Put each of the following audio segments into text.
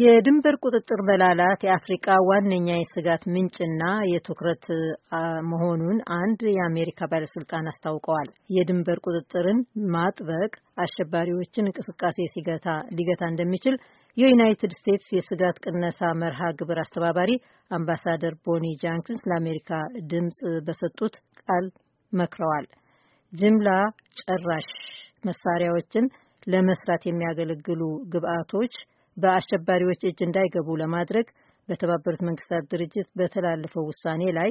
የድንበር ቁጥጥር በላላት የአፍሪቃ ዋነኛ የስጋት ምንጭና የትኩረት መሆኑን አንድ የአሜሪካ ባለስልጣን አስታውቀዋል። የድንበር ቁጥጥርን ማጥበቅ አሸባሪዎችን እንቅስቃሴ ሲገታ ሊገታ እንደሚችል የዩናይትድ ስቴትስ የስጋት ቅነሳ መርሃ ግብር አስተባባሪ አምባሳደር ቦኒ ጃንክንስ ለአሜሪካ ድምፅ በሰጡት ቃል መክረዋል። ጅምላ ጨራሽ መሳሪያዎችን ለመስራት የሚያገለግሉ ግብአቶች በአሸባሪዎች እጅ እንዳይገቡ ለማድረግ በተባበሩት መንግስታት ድርጅት በተላለፈው ውሳኔ ላይ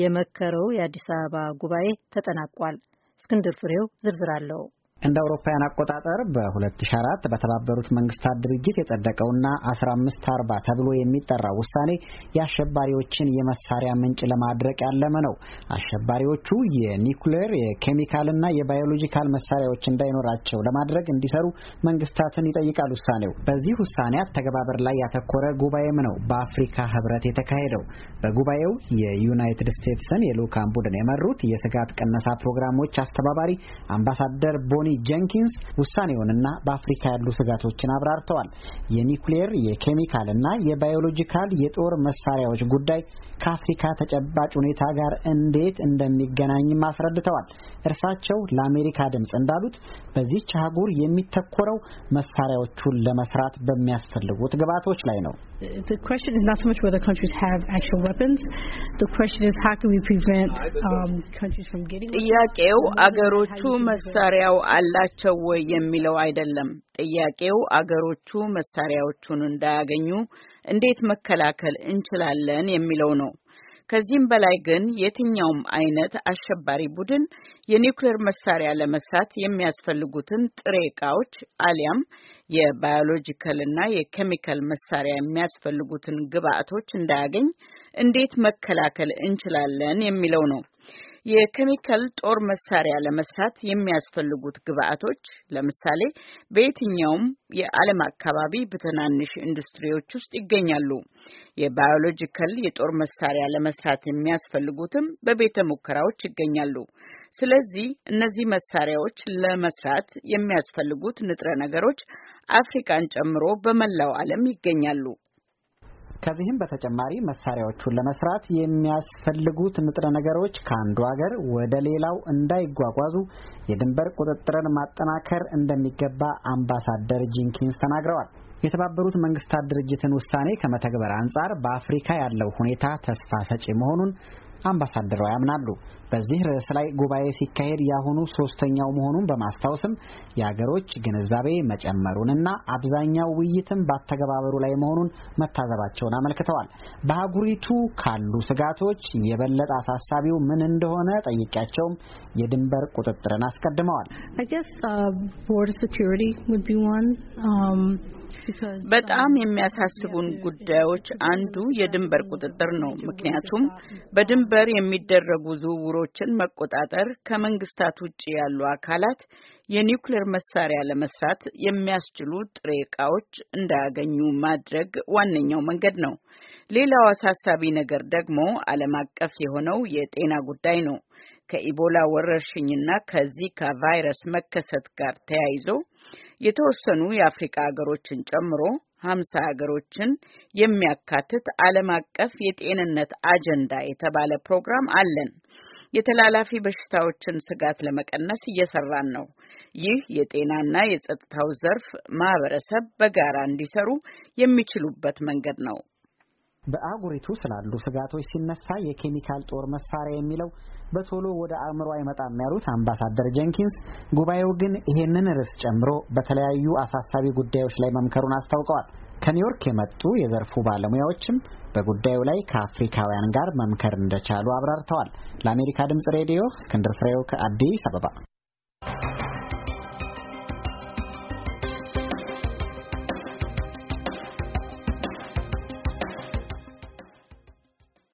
የመከረው የአዲስ አበባ ጉባኤ ተጠናቋል። እስክንድር ፍሬው ዝርዝር አለው። እንደ አውሮፓውያን አቆጣጠር በ2004 በተባበሩት መንግስታት ድርጅት የጸደቀውና 1540 ተብሎ የሚጠራው ውሳኔ የአሸባሪዎችን የመሳሪያ ምንጭ ለማድረቅ ያለመ ነው። አሸባሪዎቹ የኒኩሌር የኬሚካልና የባዮሎጂካል መሳሪያዎች እንዳይኖራቸው ለማድረግ እንዲሰሩ መንግስታትን ይጠይቃል ውሳኔው። በዚህ ውሳኔ አተገባበር ላይ ያተኮረ ጉባኤም ነው በአፍሪካ ህብረት የተካሄደው። በጉባኤው የዩናይትድ ስቴትስን የልዑካን ቡድን የመሩት የስጋት ቅነሳ ፕሮግራሞች አስተባባሪ አምባሳደር ቦኒ ጀንኪንስ ውሳኔውንና በአፍሪካ ያሉ ስጋቶችን አብራርተዋል። የኒውክሌር እና የባዮሎጂካል የጦር መሳሪያዎች ጉዳይ ከአፍሪካ ተጨባጭ ሁኔታ ጋር እንዴት እንደሚገናኝም አስረድተዋል። እርሳቸው ለአሜሪካ ድምፅ እንዳሉት በዚህች አህጉር የሚተኮረው መሳሪያዎቹን ለመስራት በሚያስፈልጉት ግብዓቶች ላይ ነው። um, ጥያቄው አገሮቹ መሳሪያው አላቸው ወይ የሚለው አይደለም ጥያቄው። አገሮቹ መሳሪያዎቹን እንዳያገኙ እንዴት መከላከል እንችላለን የሚለው ነው። ከዚህም በላይ ግን የትኛውም አይነት አሸባሪ ቡድን የኒውክሌር መሳሪያ ለመስራት የሚያስፈልጉትን ጥሬ ዕቃዎች አሊያም የባዮሎጂካልና የኬሚካል መሳሪያ የሚያስፈልጉትን ግብአቶች እንዳያገኝ እንዴት መከላከል እንችላለን የሚለው ነው። የኬሚካል ጦር መሳሪያ ለመስራት የሚያስፈልጉት ግብአቶች ለምሳሌ በየትኛውም የዓለም አካባቢ በትናንሽ ኢንዱስትሪዎች ውስጥ ይገኛሉ። የባዮሎጂካል የጦር መሳሪያ ለመስራት የሚያስፈልጉትም በቤተ ሙከራዎች ይገኛሉ። ስለዚህ እነዚህ መሳሪያዎች ለመስራት የሚያስፈልጉት ንጥረ ነገሮች አፍሪካን ጨምሮ በመላው ዓለም ይገኛሉ። ከዚህም በተጨማሪ መሳሪያዎቹን ለመስራት የሚያስፈልጉት ንጥረ ነገሮች ከአንዱ ሀገር ወደ ሌላው እንዳይጓጓዙ የድንበር ቁጥጥርን ማጠናከር እንደሚገባ አምባሳደር ጂንኪንስ ተናግረዋል። የተባበሩት መንግስታት ድርጅትን ውሳኔ ከመተግበር አንጻር በአፍሪካ ያለው ሁኔታ ተስፋ ሰጪ መሆኑን አምባሳደሯ ያምናሉ። በዚህ ርዕስ ላይ ጉባኤ ሲካሄድ ያሁኑ ሶስተኛው መሆኑን በማስታወስም የአገሮች ግንዛቤ መጨመሩንና አብዛኛው ውይይትም በአተገባበሩ ላይ መሆኑን መታዘባቸውን አመልክተዋል። በአህጉሪቱ ካሉ ስጋቶች የበለጠ አሳሳቢው ምን እንደሆነ ጠይቂያቸውም የድንበር ቁጥጥርን አስቀድመዋል። uh, በጣም የሚያሳስቡን ጉዳዮች አንዱ የድንበር ቁጥጥር ነው። ምክንያቱም በድንበር የሚደረጉ ዝውውሮችን መቆጣጠር ከመንግስታት ውጭ ያሉ አካላት የኒውክሌር መሳሪያ ለመስራት የሚያስችሉ ጥሬ እቃዎች እንዳያገኙ ማድረግ ዋነኛው መንገድ ነው። ሌላው አሳሳቢ ነገር ደግሞ ዓለም አቀፍ የሆነው የጤና ጉዳይ ነው። ከኢቦላ ወረርሽኝና ከዚካ ቫይረስ መከሰት ጋር ተያይዞ የተወሰኑ የአፍሪካ ሀገሮችን ጨምሮ ሀምሳ ሀገሮችን የሚያካትት ዓለም አቀፍ የጤንነት አጀንዳ የተባለ ፕሮግራም አለን። የተላላፊ በሽታዎችን ስጋት ለመቀነስ እየሰራን ነው። ይህ የጤናና የጸጥታው ዘርፍ ማህበረሰብ በጋራ እንዲሰሩ የሚችሉበት መንገድ ነው። በአጉሪቱ ስላሉ ስጋቶች ሲነሳ የኬሚካል ጦር መሳሪያ የሚለው በቶሎ ወደ አእምሮ አይመጣም ያሉት አምባሳደር ጀንኪንስ ጉባኤው ግን ይሄንን ርዕስ ጨምሮ በተለያዩ አሳሳቢ ጉዳዮች ላይ መምከሩን አስታውቀዋል። ከኒውዮርክ የመጡ የዘርፉ ባለሙያዎችም በጉዳዩ ላይ ከአፍሪካውያን ጋር መምከር እንደቻሉ አብራርተዋል። ለአሜሪካ ድምጽ ሬዲዮ እስክንድር ፍሬው ከአዲስ አበባ